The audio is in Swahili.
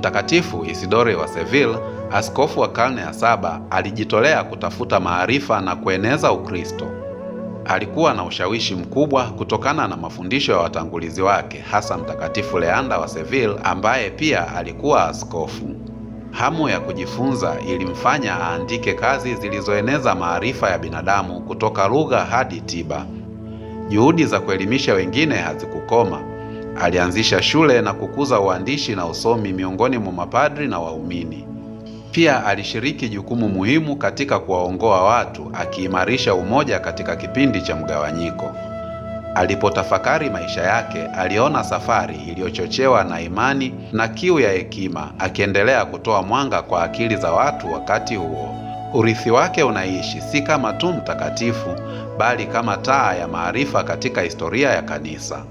Mtakatifu Isidore wa Seville, askofu wa karne ya saba, alijitolea kutafuta maarifa na kueneza Ukristo. Alikuwa na ushawishi mkubwa kutokana na mafundisho ya watangulizi wake, hasa Mtakatifu Leanda wa Seville ambaye pia alikuwa askofu. Hamu ya kujifunza ilimfanya aandike kazi zilizoeneza maarifa ya binadamu kutoka lugha hadi tiba. Juhudi za kuelimisha wengine hazikukoma. Alianzisha shule na kukuza uandishi na usomi miongoni mwa mapadri na waumini. Pia alishiriki jukumu muhimu katika kuwaongoa watu, akiimarisha umoja katika kipindi cha mgawanyiko. Alipotafakari maisha yake, aliona safari iliyochochewa na imani na kiu ya hekima, akiendelea kutoa mwanga kwa akili za watu wakati huo. Urithi wake unaishi si kama tu mtakatifu, bali kama taa ya maarifa katika historia ya Kanisa.